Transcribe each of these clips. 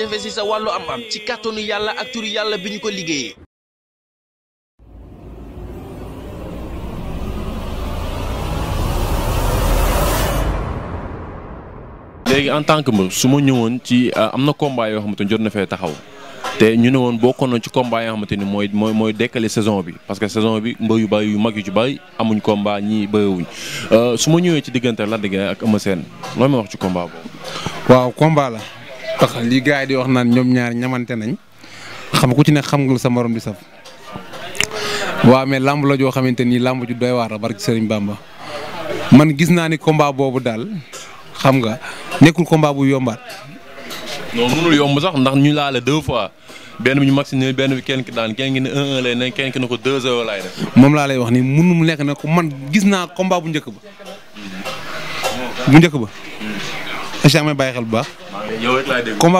jafe-jafe sa wàllu am-am ci kàttanu yàlla ak turu yàlla bi ñu ko liggéeyee. léegi en tant que mbër su ma ñëwoon ci euh, am na combat yoo xamante jot na fee taxaw te ñu ne woon bokkoon na ci combat yoo xamante mooy mooy mooy dekkale saison bi parce que saison bi mbër yu bari yu mag yu ci bëri amuñ combat ñii bëriwuñ euh, su ma ñëwee ci diggante la de ak Eumeu Sène loo wax ci komba boobu. waaw combat la. tax li gars yi di wax naan ñoom ñaari ñamante nañ xam ku ci ne xam nga sa morom di saf waaw mais làmb la joo xamante ni làmb ju doy waar la barki Serigne Bamba man gis naa ni combat boobu daal xam nga nekkul combat bu yombaat. non mënul yomb sax ndax ñu laale deux fois benn bi ñu max ne benn bi kenn ki daan kenn ki ne un un lay ne kenn ki ne ko deux heures laay def. moom laa lay wax ni mu nekk na ko man gis naa combat bu njëkk ba. bu njëkk ba. incha allah may bàyyi xel bu baax. yow it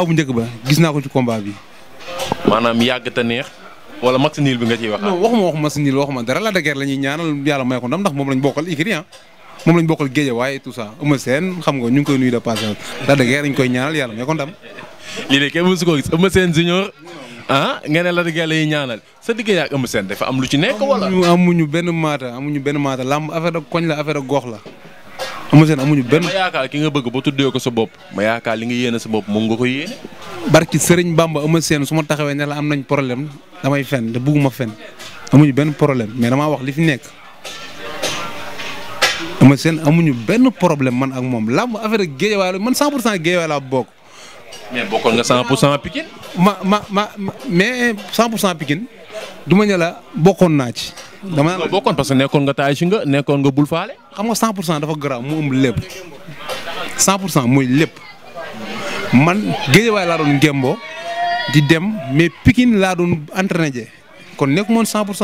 bu njëkk ba gis naa ko ci combat bi. maanaam yàgg te neex. wala match nul bi nga ciy wax. non waxuma waxuma match nul waxuma dara la dëgër la ñuy ñaanal yàlla may ko ndam ndax moom lañ bokkal Ikri ah moom lañ bokkal géej waaye tout ça Eumeu xam nga ñu ngi koy nuyu de passé la dëgër koy ñaanal yàlla may ko ndam. lii de kenn mësu ko gis Eumeu Sène junior ah nga ne la dëgër la ñaanal sa diggante ak Eumeu Sène dafa am lu ci nekk wala. amuñu amuñu benn maata amuñu benn maata làmb affaire koñ la affaire ak la Eumeu seen amuñu benn. ma yaakaar ki nga bëgg ba tuddee ko sa bopp ma yaakaar li nga sa bopp moom nga ko yéene. barki Serigne Bamba Eumeu Sène su ma taxawee ne la am nañ problème damay fen te bugguma fen amuñu benn problème mais damaa wax li fi nekk. ama seen amuñu benn problème man ak moom làmb affaire géejawaay la man 100 pour cent géejawaay laa bokk. mais bokkoon nga 100 pour cent ma ma ma mais 100 pour cent Pikine du ma la bokkoon naa ci. dama naan bokkoon nekkoon nga taay si nga nekkoon nga bul faale. xam nga 100 pour cent dafa garaaw mu ëmb lépp 100 man géejewaay laa doon gémboo di dem mais pikin laa doon entraîné jee kon nekku moon 100 pour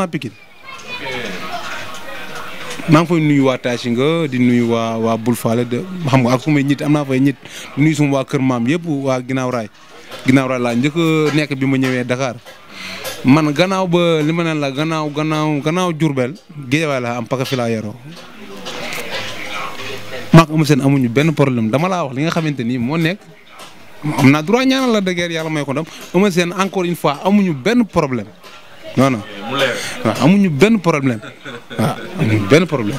maa ngi fay nuyu waa Tachinga di nuyu waa waa Bulfaale de xam nga ak sumay ñit am naa fay ñit nuyu suma waa Kër Maam yëpp waa ginnaaw raay ginnaaw laa njëkk nekk bi ma ñëwee dakaar man gannaaw ba li ma ne la gannaaw gannaaw gannaaw Diourbel Guédiawaye la am parce que fi laa yoroo maak Eumeu amuñu benn problème dama laa wax li nga xamante ni moo nekk am naa droit ñaanal la dëgër yàlla may ko ndam Eumeu Sène encore une fois amuñu benn problème non non amuñu benn problème waaw amuñu benn problème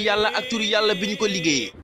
yàlla ak turu yàlla bi ñu ko liggéeyee